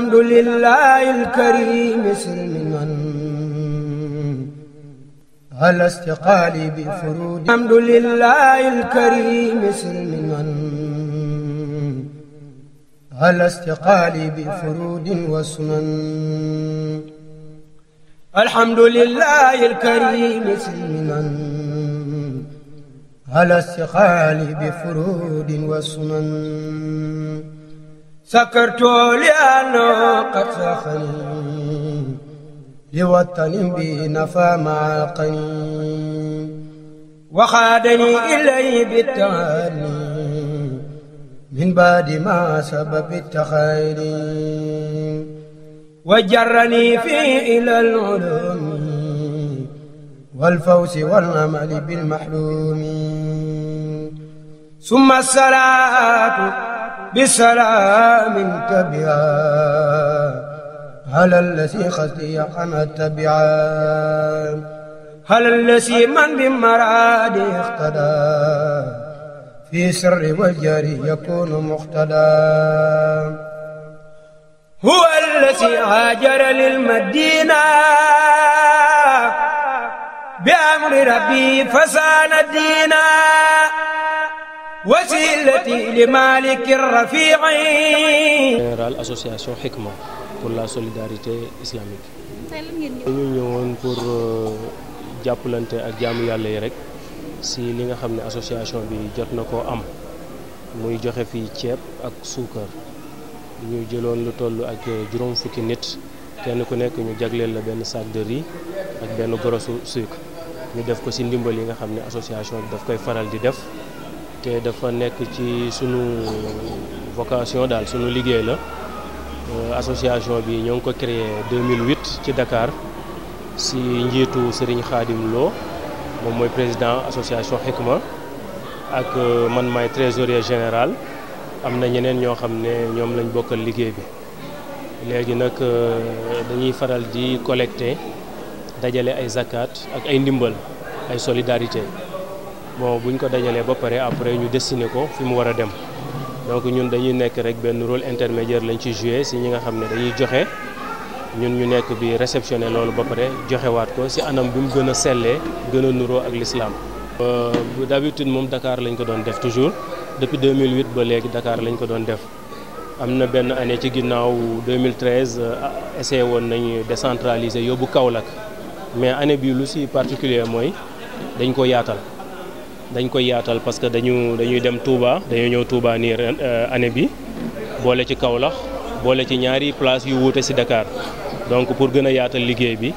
الحمد لله الكريم سلما على استقالي بفرود الحمد لله الكريم سلما على استقالي بفرود وسنن الحمد لله الكريم سلما على استقالي بفرود وسنن سكرت لأنه قد سخني لوطن بي نفى مع القني وخادني إليه بالتهاني من بعد ما سبب التخير وجرني فيه إلى العلوم والفوز والأمل بالمحلوم ثم الصلاة بسلام تبعا هل الذي خزي قنا تبعا هل الذي من بمراد اقتدى في سر والجري يكون مقتدى هو الذي هاجر للمدينة بأمر ربي فسان الدين wasilati li maliki rafiqi général association Hikma pour la solidarité islamique dañu ñëwoon pour euh, jàppalante ak jaamu yàlla yi rek si li nga xam ne association bi jot na koo am muy joxe fii ceeb ak suukar ñu jëloon lu toll ak juróom fukki nit kenn ku nekk ñu jagleel la benn sac de ak benn gorosu sucre ñu def ko si ndimbal yi nga xam ne association bi daf koy faral di def te dafa nekk ci sunu vocation daal sunu liggéey la euh, association bi ñoo ngi ko créé 2008 ci Dakar si njiitu Serigne Khadim Lo moom mooy président association Hikma ak euh, man maay trésorier général am na ñeneen ñoo xam ne ñoom lañ bokkal liggéey bi léegi nag euh, dañuy faral di collecter dajale ay zakat ak ay ndimbal ay solidarité bon ñu ko dajalee ba pare après ñu destiné ko fi mu war a dem donc ñun dañuy nekk rek benn rôle intermédiaire lañ ci joué si ñi nga xam ne dañuy joxe ñun ñu nekk bi réceptionné loolu ba pare joxewaat ko si anam bi mu gën a sellee gën a nuroo ak l'islam euh, d'habitude moom dakaar lañ ko doon def toujours depuis 2008 ba léegi dakaar lañ ko doon def am na benn année ci ginnaaw 2013 euh, essayé woon nañu décentraliser yóbbu Kaolack mais année bii lu si particulier mooy dañ ko yaatal dañ koy yaatal parce que dañu dañuy dem Touba dañu ñëw Touba nii euh, année bi boole ci Kaolack boole ci ñaari place yu wuute si dakaar donc pour gën a yaatal liggéey bi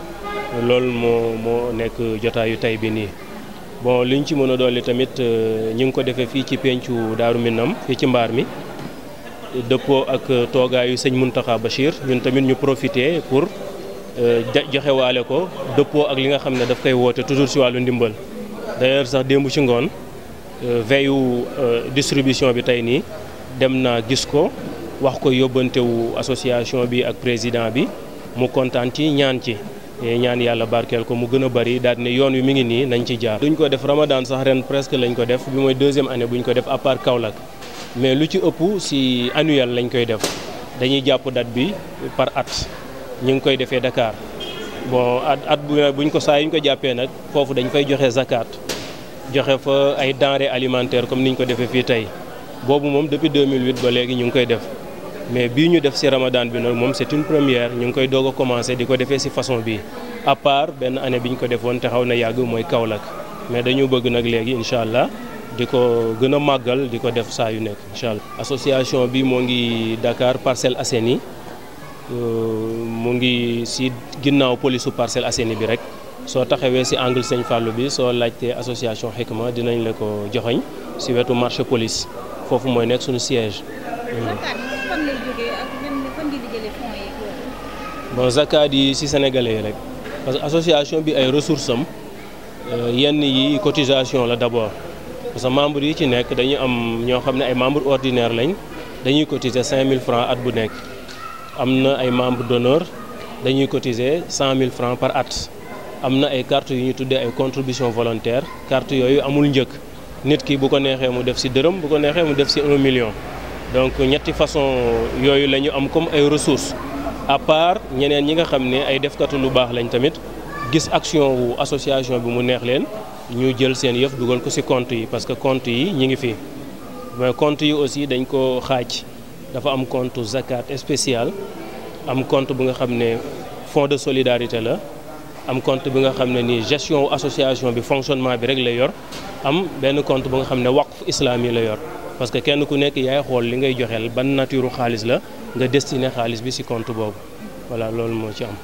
loolu moo moo nekk jotaayu tey bi nii. bon li ñu ci mën a dolli tamit euh, ñu ngi ko defee fii ci pencu Daaru Minam fii ci mbaar mi dëppoo ak euh, toogaayu sëñ Mountakha Bachir ñun tamit ñu profité pour joxewaale ko dëppoo ak li nga xam ne daf koy woote toujours si wàllu ndimbal. d'ailleurs sax démb ci ngoon euh, veyu euh, distribution bi tey nii dem naa gis ko wax ko yóbbantewu association bi ak président bi mu kontaan ci ñaan ci ñaan yàlla barkeel ko mu gën a bari daal ne yoon wi mi ngi nii nañ ci jaar. duñ ko def Ramadan sax ren presque lañ ko def bi mooy deuxième bu buñ ko def à part Kaolack mais lu ci ëpp si annuel lañ koy def dañuy jàpp dat bi par at ñu ngi koy defee dakaar bon at at bu bu ñu ko saa ñu ko jàppee nag foofu dañ fay joxe zakat joxe fa ay denrées alimentaire comme ni ñu ko defee fii tey boobu moom depuis 2008 ba léegi ñu ngi koy def mais bii ñu def ci ramadan bi nag moom c'est une première ñu ngi koy doog a commencer di ko defee ci façon bi à part benn année bi ñu ko defoon te xaw na yàgg mooy Kaolack mais dañu bëgg nag léegi incha allah di ko gën a màggal di ko def saa yu nekk incha allah. association bi moo ngi Dakar Parcelles Assainies. mu ngi si ginnaaw polisu Parcelles Assainies bi rek soo taxawee si angle Sëñ Fallou bi soo laajtee association Hikma dinañ la ko joxoñ si wetu marché polis foofu mooy nekk suñu siège. bon zakat yi si sénégalais yi rek parce que association bi ay ressources am euh, yenn yi cotisation la d'abord parce que membres yi ci nekk dañu am ñoo xam ne ay membres ordinaires lañ dañuy cotiser mille francs at bu nekk. am na ay membres d'honneur dañuy cotiser cent mille francs par at am na ay cartes yu ñu tuddee ay contribution volontaire cartes yooyu amul njëkk nit ki bu ko neexee mu def ci dërëm bu ko neexee mu def ci un million donc ñetti façon yooyu lañu am comme ay ressources à part ñeneen ñi nga xam ne ay defkatu lu baax lañ tamit gis action wu association bi mu neex leen ñu jël seen yëf dugal ko ci compte yi parce que compte yi ñi ngi fi mais compte yi aussi dañ ko xaaj dafa am compte zakat spécial am compte bu nga xam ne fonds de solidarité la am compte bi nga xam ne ni gestion association bi fonctionnement bi rek la yor am benn compte bu nga xam ne waqf islaam yi la yor parce que kenn ku nekk yaay xool li ngay joxeel ban nature xaalis la nga destiné xaalis bi ci compte boobu voilà loolu moo ci am